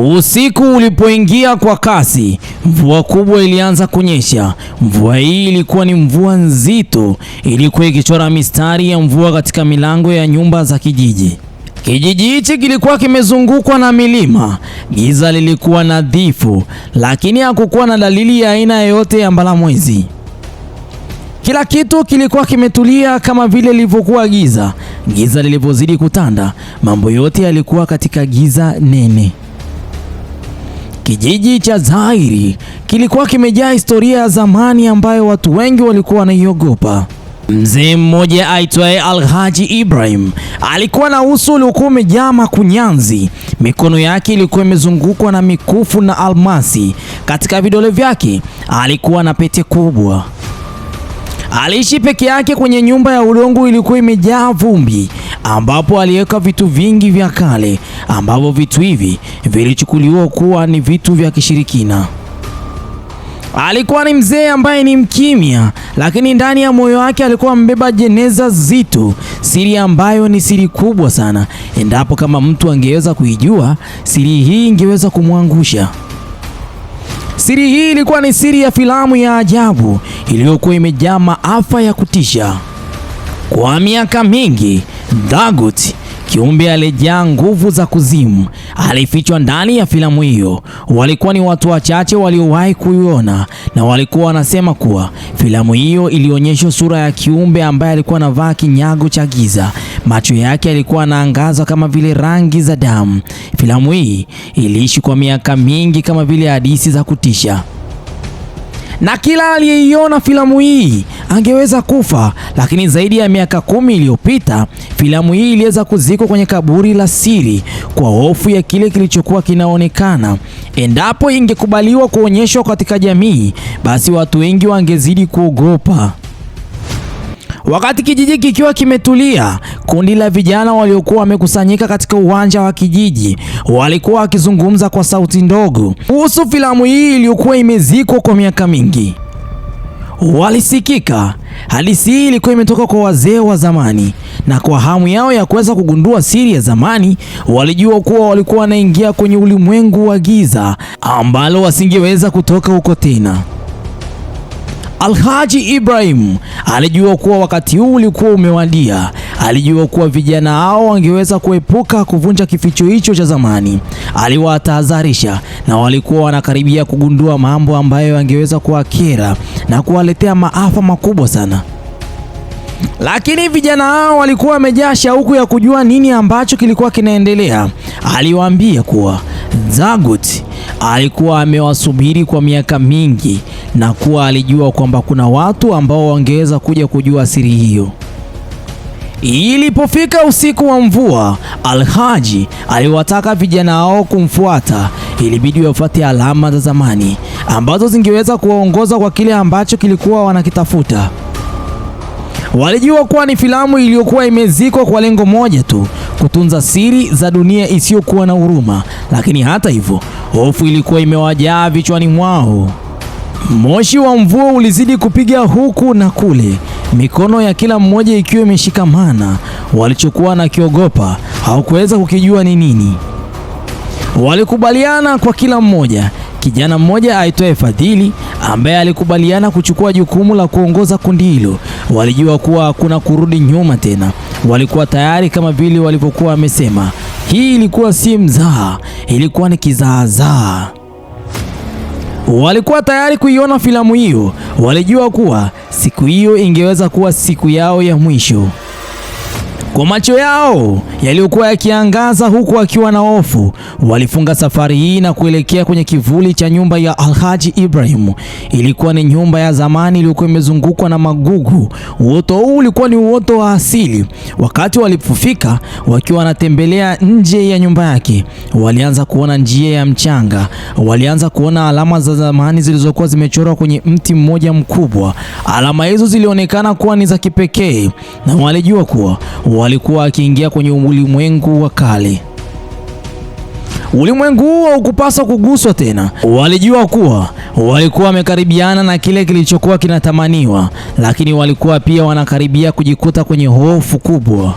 Usiku ulipoingia kwa kasi, mvua kubwa ilianza kunyesha. Mvua hii ilikuwa ni mvua nzito, ilikuwa ikichora mistari ya mvua katika milango ya nyumba za kijiji. Kijiji hichi kilikuwa kimezungukwa na milima. Giza lilikuwa nadhifu, lakini hakukuwa na dalili ya aina yoyote ya mbalamwezi. Kila kitu kilikuwa kimetulia kama vile lilivyokuwa giza. Giza lilivyozidi kutanda, mambo yote yalikuwa katika giza nene. Kijiji cha Zairi kilikuwa kimejaa historia ya zamani ambayo watu wengi walikuwa wanaiogopa. Mzee mmoja aitwaye Alhaji Ibrahim alikuwa na uso uliokuwa umejaa makunyanzi. Mikono yake ilikuwa imezungukwa na mikufu na almasi. Katika vidole vyake alikuwa na pete kubwa. Aliishi peke yake kwenye nyumba ya udongo ilikuwa imejaa vumbi, ambapo aliweka vitu vingi vya kale ambavyo vitu hivi vilichukuliwa kuwa ni vitu vya kishirikina. Alikuwa ni mzee ambaye ni mkimya, lakini ndani ya moyo wake alikuwa amebeba jeneza zito, siri ambayo ni siri kubwa sana. Endapo kama mtu angeweza kuijua siri hii, ingeweza kumwangusha. Siri hii ilikuwa ni siri ya filamu ya ajabu iliyokuwa imejaa maafa ya kutisha. Kwa miaka mingi, Dagut kiumbe aliyejaa nguvu za kuzimu alifichwa ndani ya filamu hiyo. Walikuwa ni watu wachache waliowahi kuiona na walikuwa wanasema kuwa filamu hiyo ilionyesha sura ya kiumbe ambaye alikuwa anavaa kinyago cha giza Macho yake yalikuwa yanaangaza kama vile rangi za damu. Filamu hii iliishi kwa miaka mingi kama vile hadithi za kutisha na kila aliyeiona filamu hii angeweza kufa. Lakini zaidi ya miaka kumi iliyopita filamu hii iliweza kuzikwa kwenye kaburi la siri kwa hofu ya kile kilichokuwa kinaonekana. Endapo ingekubaliwa kuonyeshwa katika jamii, basi watu wengi wangezidi kuogopa. Wakati kijiji kikiwa kimetulia, kundi la vijana waliokuwa wamekusanyika katika uwanja wa kijiji walikuwa wakizungumza kwa sauti ndogo kuhusu filamu hii iliyokuwa imezikwa kwa miaka mingi. Walisikika hadithi hii ilikuwa imetoka kwa wazee wa zamani, na kwa hamu yao ya kuweza kugundua siri ya zamani, walijua kuwa walikuwa wanaingia kwenye ulimwengu wa giza ambalo wasingeweza kutoka huko tena. Alhaji Ibrahim alijua kuwa wakati huu ulikuwa umewadia. Alijua kuwa vijana hao wangeweza kuepuka kuvunja kificho hicho cha zamani. Aliwatahadharisha na walikuwa wanakaribia kugundua mambo ambayo yangeweza kuwakera na kuwaletea maafa makubwa sana. Lakini vijana hao walikuwa wamejaa shauku ya kujua nini ambacho kilikuwa kinaendelea. Aliwaambia kuwa Zagut alikuwa amewasubiri kwa miaka mingi na kuwa alijua kwamba kuna watu ambao wangeweza kuja kujua siri hiyo. Ilipofika usiku wa mvua, Alhaji aliwataka vijana hao kumfuata. Ilibidi wafuate alama za zamani ambazo zingeweza kuwaongoza kwa kile ambacho kilikuwa wanakitafuta. Walijua kuwa ni filamu iliyokuwa imezikwa kwa lengo moja tu, kutunza siri za dunia isiyokuwa na huruma. Lakini hata hivyo, hofu ilikuwa imewajaa vichwani mwao. Moshi wa mvua ulizidi kupiga huku na kule, mikono ya kila mmoja ikiwa imeshikamana. Walichokuwa na kiogopa hawakuweza kukijua ni nini. Walikubaliana kwa kila mmoja. Kijana mmoja aitwaye Fadhili ambaye alikubaliana kuchukua jukumu la kuongoza kundi hilo, walijua kuwa hakuna kurudi nyuma tena. Walikuwa tayari kama vile walivyokuwa wamesema. Hii ilikuwa si mzaha, ilikuwa ni kizaazaa walikuwa tayari kuiona filamu hiyo, walijua kuwa siku hiyo ingeweza kuwa siku yao ya mwisho. Kwa macho yao yaliyokuwa yakiangaza huku akiwa na hofu, walifunga safari hii na kuelekea kwenye kivuli cha nyumba ya Alhaji Ibrahim. Ilikuwa ni nyumba ya zamani iliyokuwa imezungukwa na magugu. Uoto huu ulikuwa ni uoto wa asili. Wakati walipofika, wakiwa wanatembelea nje ya nyumba yake, walianza kuona njia ya mchanga, walianza kuona alama za zamani zilizokuwa zimechorwa kwenye mti mmoja mkubwa. Alama hizo zilionekana kuwa ni za kipekee na walijua kuwa walikuwa akiingia kwenye ulimwengu wa kale. Ulimwengu huo ukupaswa kuguswa tena. Walijua kuwa walikuwa wamekaribiana na kile kilichokuwa kinatamaniwa, lakini walikuwa pia wanakaribia kujikuta kwenye hofu kubwa.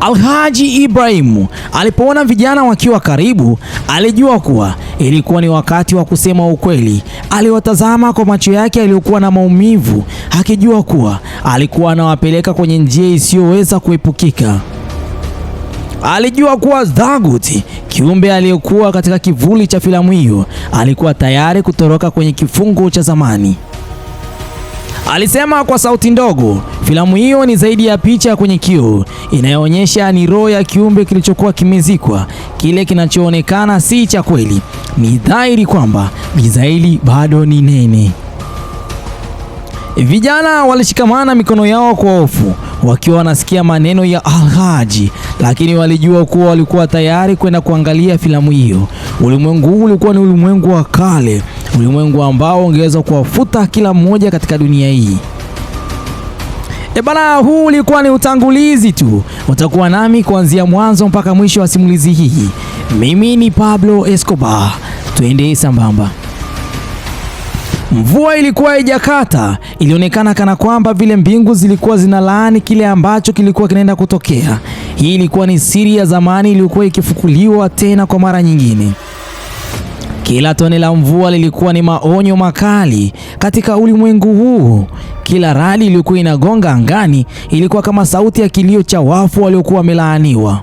Alhaji Ibrahimu alipoona vijana wakiwa karibu, alijua kuwa ilikuwa ni wakati wa kusema ukweli. Aliwatazama kwa macho yake aliyokuwa na maumivu, akijua kuwa alikuwa anawapeleka kwenye njia isiyoweza kuepukika. Alijua kuwa Thaghut, kiumbe aliyekuwa katika kivuli cha filamu hiyo, alikuwa tayari kutoroka kwenye kifungo cha zamani. Alisema kwa sauti ndogo, filamu hiyo ni zaidi ya picha kwenye kioo, inayoonyesha ni roho ya kiumbe kilichokuwa kimezikwa. Kile kinachoonekana si cha kweli. Ni dhahiri kwamba giza hili bado ni nene. Vijana walishikamana mikono yao kwa hofu, wakiwa wanasikia maneno ya Alhaji, lakini walijua kuwa walikuwa tayari kwenda kuangalia filamu hiyo. Ulimwengu huu ulikuwa ni ulimwengu wa kale ulimwengu ambao ungeweza kuwafuta kila mmoja katika dunia hii. E bana, huu ulikuwa ni utangulizi tu, utakuwa nami kuanzia mwanzo mpaka mwisho wa simulizi hii. Mimi ni Pablo Escobar, twende sambamba. Mvua ilikuwa haijakata, ilionekana kana kwamba vile mbingu zilikuwa zinalaani kile ambacho kilikuwa kinaenda kutokea. Hii ilikuwa ni siri ya zamani iliyokuwa ikifukuliwa tena kwa mara nyingine. Kila tone la mvua lilikuwa ni maonyo makali katika ulimwengu huu. Kila radi iliyokuwa inagonga angani ilikuwa kama sauti ya kilio cha wafu waliokuwa wamelaaniwa.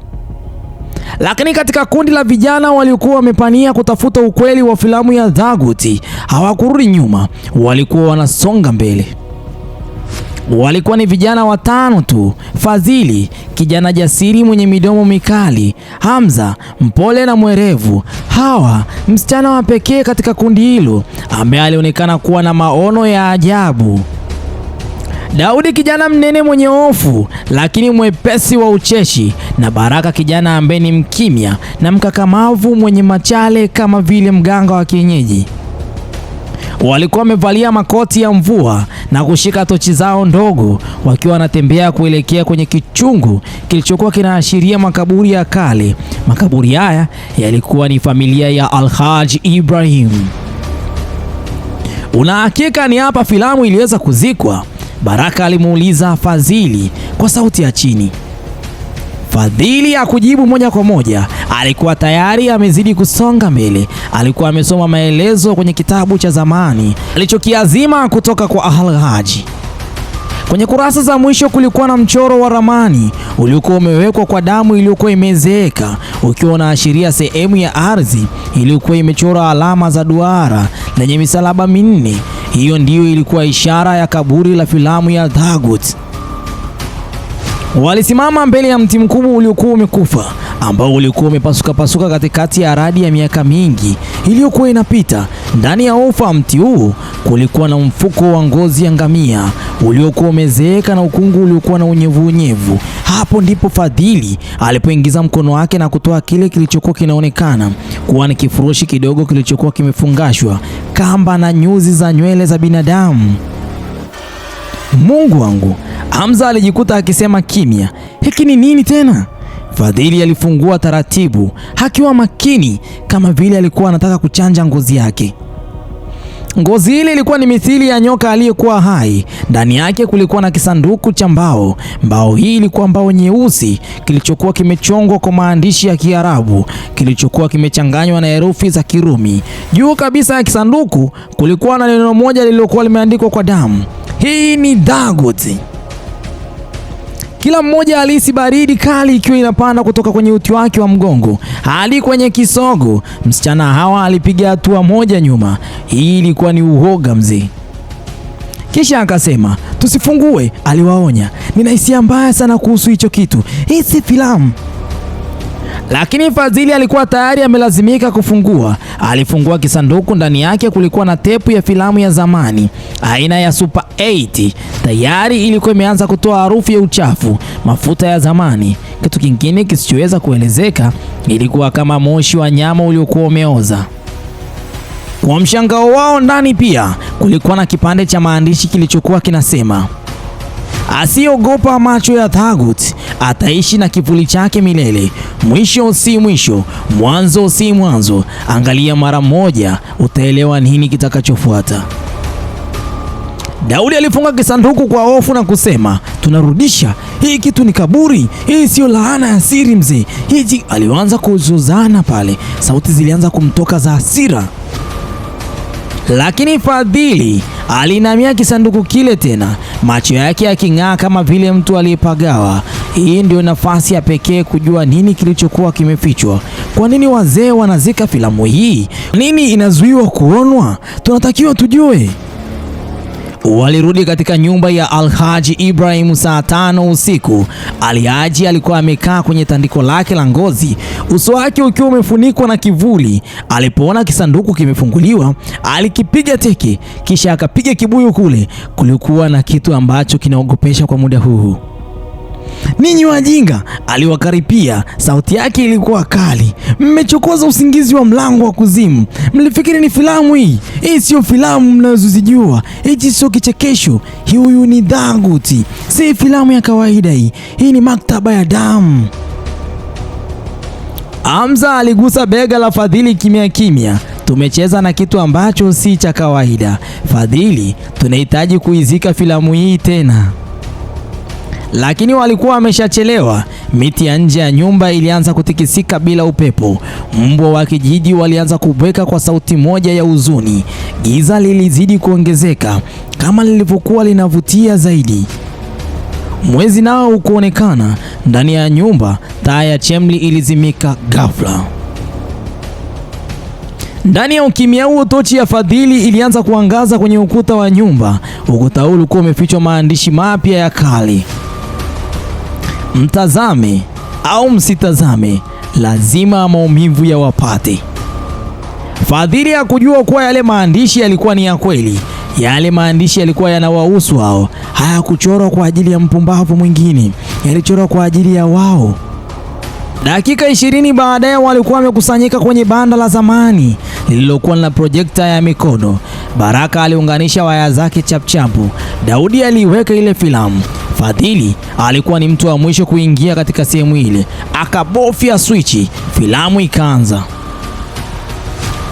Lakini katika kundi la vijana waliokuwa wamepania kutafuta ukweli wa filamu ya Daguti, hawakurudi nyuma, walikuwa wanasonga mbele. Walikuwa ni vijana watano tu: Fadhili, kijana jasiri mwenye midomo mikali, Hamza, mpole na mwerevu, Hawa, msichana wa pekee katika kundi hilo ambaye alionekana kuwa na maono ya ajabu, Daudi, kijana mnene mwenye hofu lakini mwepesi wa ucheshi, na Baraka, kijana ambaye ni mkimya na mkakamavu mwenye machale kama vile mganga wa kienyeji. Walikuwa wamevalia makoti ya mvua na kushika tochi zao ndogo, wakiwa wanatembea kuelekea kwenye kichungu kilichokuwa kinaashiria makaburi ya kale. Makaburi haya yalikuwa ni familia ya alhaj Ibrahim. Unahakika ni hapa filamu iliweza kuzikwa? Baraka alimuuliza Fadhili kwa sauti ya chini. Fadhili ya kujibu moja kwa moja, alikuwa tayari amezidi kusonga mbele. Alikuwa amesoma maelezo kwenye kitabu cha zamani alichokiazima kutoka kwa Alhaji. Kwenye kurasa za mwisho kulikuwa na mchoro wa ramani uliokuwa umewekwa kwa damu iliyokuwa imezeeka, ukiwa unaashiria sehemu ya ardhi iliyokuwa imechora alama za duara lenye misalaba minne. Hiyo ndiyo ilikuwa ishara ya kaburi la filamu ya Dagut. Walisimama mbele ya mti mkubwa uliokuwa umekufa ambao ulikuwa umepasuka pasuka katikati ya radi ya miaka mingi iliyokuwa inapita. Ndani ya ufa mti huu kulikuwa na mfuko wa ngozi ya ngamia uliokuwa umezeeka na ukungu uliokuwa na unyevu unyevu. Hapo ndipo Fadhili alipoingiza mkono wake na kutoa kile kilichokuwa kinaonekana kuwa ni kifurushi kidogo kilichokuwa kimefungashwa kamba na nyuzi za nywele za binadamu. Mungu wangu! Hamza alijikuta akisema kimya, hiki ni nini tena? Fadhili alifungua taratibu, akiwa makini kama vile alikuwa anataka kuchanja ngozi yake. Ngozi ile ilikuwa ni mithili ya nyoka aliyekuwa hai. Ndani yake kulikuwa na kisanduku cha mbao. Mbao hii ilikuwa mbao nyeusi, kilichokuwa kimechongwa kwa maandishi ya Kiarabu, kilichokuwa kimechanganywa na herufi za Kirumi. Juu kabisa ya kisanduku kulikuwa na neno moja lililokuwa limeandikwa kwa damu, hii ni Daguti. Kila mmoja alihisi baridi kali ikiwa inapanda kutoka kwenye uti wake wa mgongo hadi kwenye kisogo. Msichana Hawa alipiga hatua moja nyuma. Hii ilikuwa ni uhoga mzee. Kisha akasema tusifungue, aliwaonya. Nina hisia mbaya sana kuhusu hicho kitu, hii si filamu lakini Fadhili alikuwa tayari amelazimika kufungua. Alifungua kisanduku, ndani yake kulikuwa na tepu ya filamu ya zamani aina ya Super 8. Tayari ilikuwa imeanza kutoa harufu ya uchafu, mafuta ya zamani, kitu kingine kisichoweza kuelezeka. Ilikuwa kama moshi wa nyama uliokuwa umeoza. Kwa mshangao wao, ndani pia kulikuwa na kipande cha maandishi kilichokuwa kinasema Asiyeogopa macho ya thagut ataishi na kivuli chake milele. Mwisho si mwisho, mwanzo si mwanzo. Angalia mara moja, utaelewa nini kitakachofuata. Daudi alifunga kisanduku kwa hofu na kusema, tunarudisha hii kitu, ni kaburi hii, siyo laana ya siri mzee. Hiji alianza kuzuzana pale, sauti zilianza kumtoka za hasira lakini Fadhili alinamia kisanduku kile tena, macho yake yaking'aa kama vile mtu aliyepagawa. Hii ndio nafasi ya pekee kujua nini kilichokuwa kimefichwa. Kwa nini wazee wanazika filamu hii? Nini inazuiwa kuonwa? Tunatakiwa tujue walirudi katika nyumba ya Alhaji Ibrahim saa tano usiku. Alhaji alikuwa amekaa kwenye tandiko lake la ngozi, uso wake ukiwa umefunikwa na kivuli. Alipoona kisanduku kimefunguliwa, alikipiga teke, kisha akapiga kibuyu. Kule kulikuwa na kitu ambacho kinaogopesha kwa muda huu ninyi wajinga, aliwakaripia. Sauti yake ilikuwa kali. Mmechokoza usingizi wa mlango wa kuzimu. Mlifikiri ni filamu hii? Hii siyo filamu mnazozijua, hichi sio kichekesho. Huyu ni dhaguti si filamu ya kawaida hii. Hii ni maktaba ya damu. Hamza aligusa bega la Fadhili kimya kimya. Tumecheza na kitu ambacho si cha kawaida. Fadhili, tunahitaji kuizika filamu hii tena lakini walikuwa wameshachelewa. Miti ya nje ya nyumba ilianza kutikisika bila upepo. Mbwa wa kijiji walianza kubweka kwa sauti moja ya huzuni. Giza lilizidi kuongezeka kama lilivyokuwa linavutia zaidi. Mwezi nao ukuonekana ndani ya nyumba. Taa ya chemli ilizimika ghafla. Ndani ya ukimya huo, tochi ya Fadhili ilianza kuangaza kwenye ukuta wa nyumba. Ukuta huu ulikuwa umefichwa maandishi mapya ya kale. Mtazame au msitazame, lazima maumivu yawapate. Fadhili ya kujua kuwa yale maandishi yalikuwa ni ya kweli, yale maandishi yalikuwa yanawahusu hao. Hayakuchorwa kwa ajili ya mpumbavu mwingine, yalichorwa kwa ajili ya wao. Dakika ishirini baadaye walikuwa wamekusanyika kwenye banda la zamani lililokuwa na projekta ya mikono Baraka aliunganisha waya zake chapchapu, Daudi aliiweka ile filamu, Fadhili alikuwa ni mtu wa mwisho kuingia katika sehemu ile, akabofya swichi, filamu ikaanza.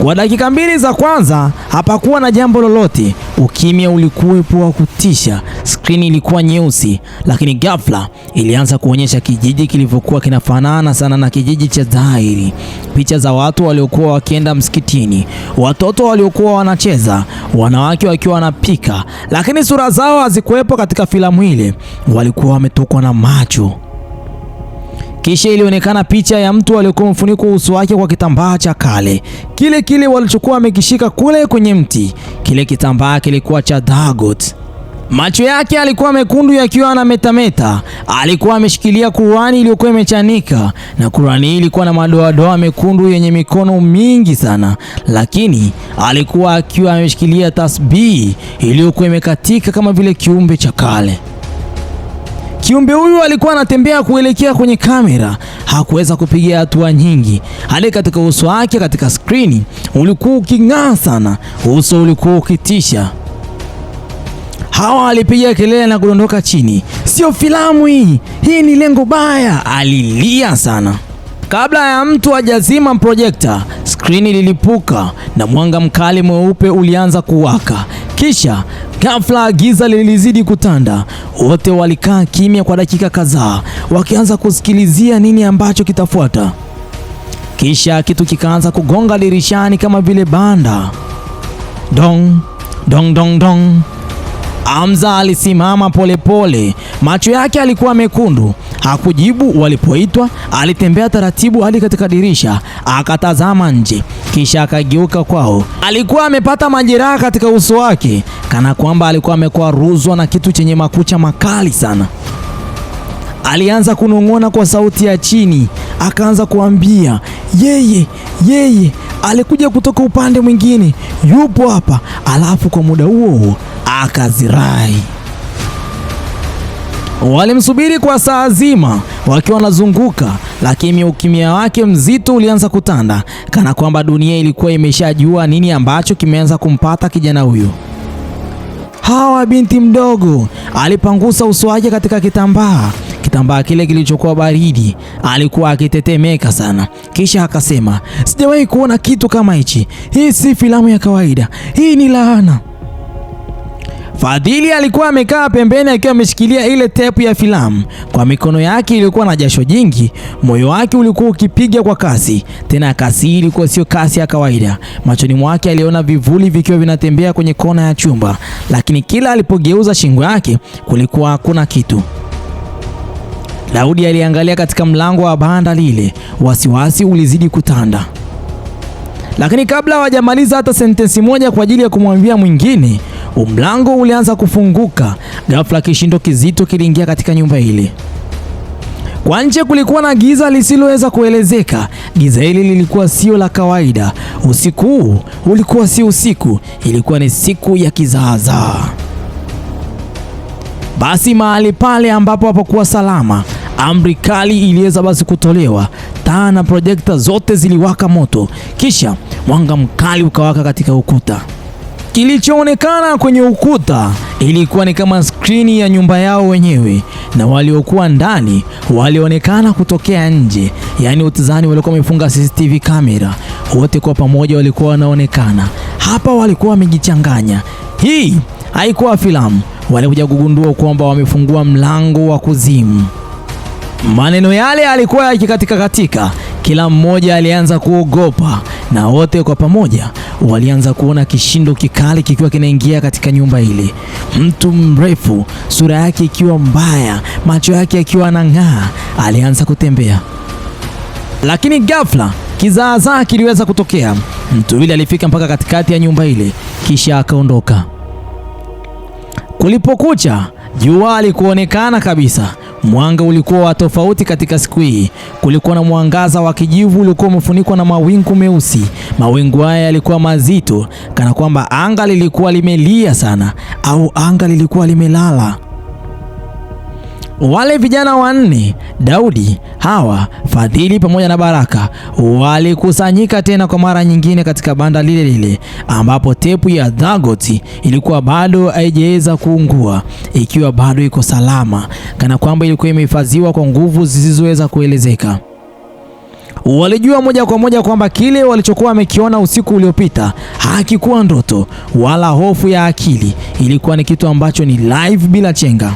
Kwa dakika mbili za kwanza hapakuwa na jambo lolote, ukimya ulikuwepo wa kutisha. Skrini ilikuwa nyeusi, lakini ghafla ilianza kuonyesha kijiji kilivyokuwa kinafanana sana na kijiji cha dhahiri: picha za watu waliokuwa wakienda msikitini, watoto waliokuwa wanacheza, wanawake wakiwa wanapika, lakini sura zao hazikuwepo katika filamu ile. Walikuwa wametokwa na macho kisha ilionekana picha ya mtu aliyokuwa mfuniko uso wake kwa kitambaa cha kale kile kile walichokuwa amekishika kule kwenye mti. Kile kitambaa kilikuwa cha Dagot. Macho yake alikuwa mekundu yakiwa metameta Alikuwa ameshikilia Kurani iliyokuwa imechanika, na Kurani ilikuwa na madoadoa mekundu yenye mikono mingi sana, lakini alikuwa akiwa ameshikilia tasbihi iliyokuwa imekatika kama vile kiumbe cha kale. Kiumbe huyu alikuwa anatembea kuelekea kwenye kamera, hakuweza kupiga hatua nyingi. Hali katika uso wake katika skrini ulikuwa uking'aa sana, uso ulikuwa ukitisha. Hawa alipiga kelele na kudondoka chini. Sio filamu hii, hii ni lengo baya, alilia sana. Kabla ya mtu hajazima projekta, skrini lilipuka na mwanga mkali mweupe ulianza kuwaka, kisha Ghafla giza lilizidi kutanda. Wote walikaa kimya kwa dakika kadhaa, wakianza kusikilizia nini ambacho kitafuata. Kisha kitu kikaanza kugonga dirishani kama vile banda. Dong dong dong dong. Hamza alisimama polepole, macho yake alikuwa mekundu. Hakujibu walipoitwa. Alitembea taratibu hadi katika dirisha, akatazama nje, kisha akageuka kwao. Alikuwa amepata majeraha katika uso wake, kana kwamba alikuwa amekuwa ruzwa na kitu chenye makucha makali sana. Alianza kunong'ona kwa sauti ya chini, akaanza kuambia yeye yeye alikuja kutoka upande mwingine, yupo hapa. Alafu kwa muda huo akazirai. Walimsubiri kwa saa zima wakiwa wanazunguka, lakini ukimya wake mzito ulianza kutanda, kana kwamba dunia ilikuwa imeshajua nini ambacho kimeanza kumpata kijana huyo. Hawa binti mdogo alipangusa uso wake katika kitambaa kitambaa kile kilichokuwa baridi. Alikuwa akitetemeka sana, kisha akasema, sijawahi kuona kitu kama hichi. Hii si filamu ya kawaida, hii ni laana. Fadhili alikuwa amekaa pembeni akiwa ameshikilia ile tepu ya filamu kwa mikono yake iliyokuwa na jasho jingi. Moyo wake ulikuwa ukipiga kwa kasi, tena kasi hii ilikuwa sio kasi ya kawaida. Machoni mwake aliona vivuli vikiwa vinatembea kwenye kona ya chumba, lakini kila alipogeuza shingo yake kulikuwa hakuna kitu. Daudi aliangalia katika mlango wa banda lile, wasiwasi ulizidi kutanda. Lakini kabla hawajamaliza hata sentensi moja kwa ajili ya kumwambia mwingine Mlango ulianza kufunguka ghafla, kishindo kizito kiliingia katika nyumba ile. Kwa nje kulikuwa na giza lisiloweza kuelezeka. Giza hili lilikuwa sio la kawaida. Usiku huu ulikuwa si usiku, ilikuwa ni siku ya kizaazaa. Basi mahali pale ambapo hapakuwa salama, amri kali iliweza basi kutolewa. Taa na projekta zote ziliwaka moto, kisha mwanga mkali ukawaka katika ukuta. Kilichoonekana kwenye ukuta ilikuwa ni kama skrini ya nyumba yao wenyewe, na waliokuwa ndani walionekana kutokea nje. Yaani utizani walikuwa wamefunga CCTV kamera, wote kwa pamoja walikuwa wanaonekana hapa, walikuwa wamejichanganya. Hii haikuwa filamu, walikuja kugundua kwamba wamefungua mlango wa kuzimu. Maneno yale alikuwa yakikatika katika, kila mmoja alianza kuogopa na wote kwa pamoja walianza kuona kishindo kikali kikiwa kinaingia katika nyumba ile. Mtu mrefu, sura yake ikiwa mbaya, macho yake yakiwa anang'aa, alianza kutembea, lakini ghafla kizaazaa kiliweza kutokea. Mtu yule alifika mpaka katikati ya nyumba ile, kisha akaondoka. Kulipokucha, jua alikuonekana kabisa Mwanga ulikuwa wa tofauti katika siku hii. Kulikuwa na mwangaza wa kijivu uliokuwa umefunikwa na mawingu meusi. Mawingu haya yalikuwa mazito, kana kwamba anga lilikuwa limelia sana, au anga lilikuwa limelala. Wale vijana wanne Daudi, Hawa, Fadhili pamoja na Baraka walikusanyika tena kwa mara nyingine katika banda lile lile ambapo tepu ya Dagoti ilikuwa bado haijaweza kuungua, ikiwa bado iko salama, kana kwamba ilikuwa imehifadhiwa kwa nguvu zisizoweza kuelezeka. Walijua moja kwa moja kwamba kile walichokuwa wamekiona usiku uliopita hakikuwa ndoto wala hofu ya akili, ilikuwa ni kitu ambacho ni live bila chenga.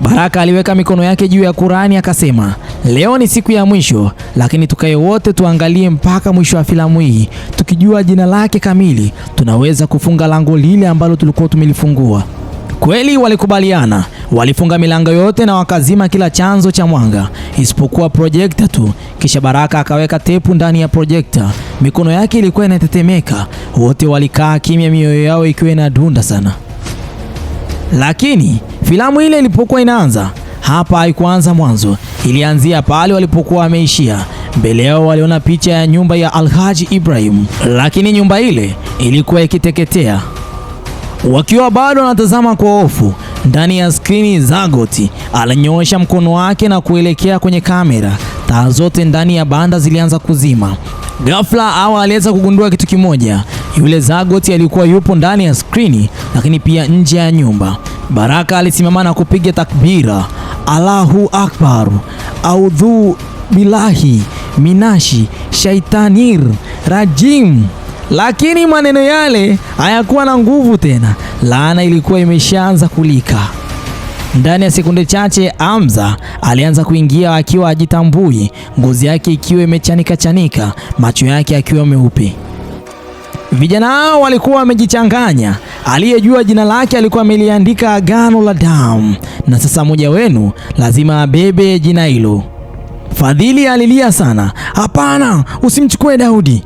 Baraka aliweka mikono yake juu ya Kurani akasema, leo ni siku ya mwisho, lakini tukae wote tuangalie mpaka mwisho wa filamu hii. Tukijua jina lake kamili, tunaweza kufunga lango lile ambalo tulikuwa tumelifungua. Kweli walikubaliana, walifunga milango yote na wakazima kila chanzo cha mwanga isipokuwa projekta tu. Kisha Baraka akaweka tepu ndani ya projekta. Mikono yake ilikuwa inatetemeka, wote walikaa kimya, mioyo yao ikiwa inadunda sana. Lakini filamu ile ilipokuwa inaanza, hapa haikuanza mwanzo, ilianzia pale walipokuwa wameishia. Mbele yao waliona picha ya nyumba ya Alhaji Ibrahim, lakini nyumba ile ilikuwa ikiteketea. Wakiwa bado wanatazama kwa hofu ndani ya skrini, Zagoti alinyoosha mkono wake na kuelekea kwenye kamera. Taa zote ndani ya banda zilianza kuzima. Ghafla, Hawa aliweza kugundua kitu kimoja. Yule Zagot alikuwa yupo ndani ya skrini, lakini pia nje ya nyumba. Baraka alisimama na kupiga takbira, Allahu Akbar, audhu bilahi minashi shaitanir rajim, lakini maneno yale hayakuwa na nguvu tena. Laana ilikuwa imeshaanza kulika. Ndani ya sekunde chache Hamza alianza kuingia akiwa ajitambui ngozi yake ikiwa imechanika chanika, macho yake akiwa meupe. Vijana hao walikuwa wamejichanganya. Aliyejua jina lake alikuwa ameliandika Agano la Damu, na sasa mmoja wenu lazima abebe jina hilo. Fadhili alilia sana, hapana, usimchukue Daudi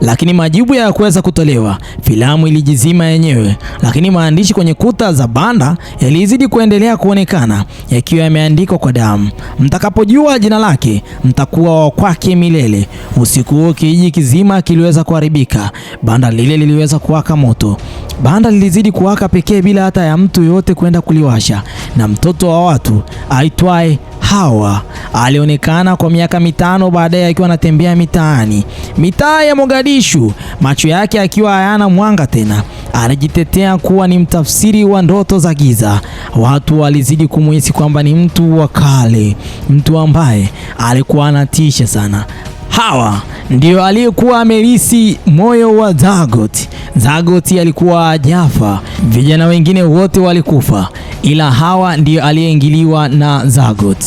lakini majibu hayakuweza kutolewa. Filamu ilijizima yenyewe, lakini maandishi kwenye kuta za banda yalizidi kuendelea kuonekana yakiwa yameandikwa kwa damu: mtakapojua jina lake mtakuwa wa kwake milele. Usiku huo kijiji kizima kiliweza kuharibika. Banda lile liliweza kuwaka moto. Banda lilizidi kuwaka pekee bila hata ya mtu yoyote kwenda kuliwasha, na mtoto wa watu aitwaye Hawa alionekana kwa miaka mitano baadaye akiwa anatembea mitaani, mitaa ya Mogadishu, macho yake akiwa hayana mwanga tena. Alijitetea kuwa ni mtafsiri wa ndoto za giza. Watu walizidi kumuhisi kwamba ni mtu wa kale, mtu ambaye alikuwa anatisha sana, Hawa ndio aliyekuwa amelisi moyo wa zagot zagot alikuwa ajafa, vijana wengine wote walikufa, ila Hawa ndio aliyeingiliwa na zagot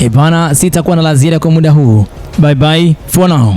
Ebana, sitakuwa na la ziada kwa muda huu. Bye bye for now.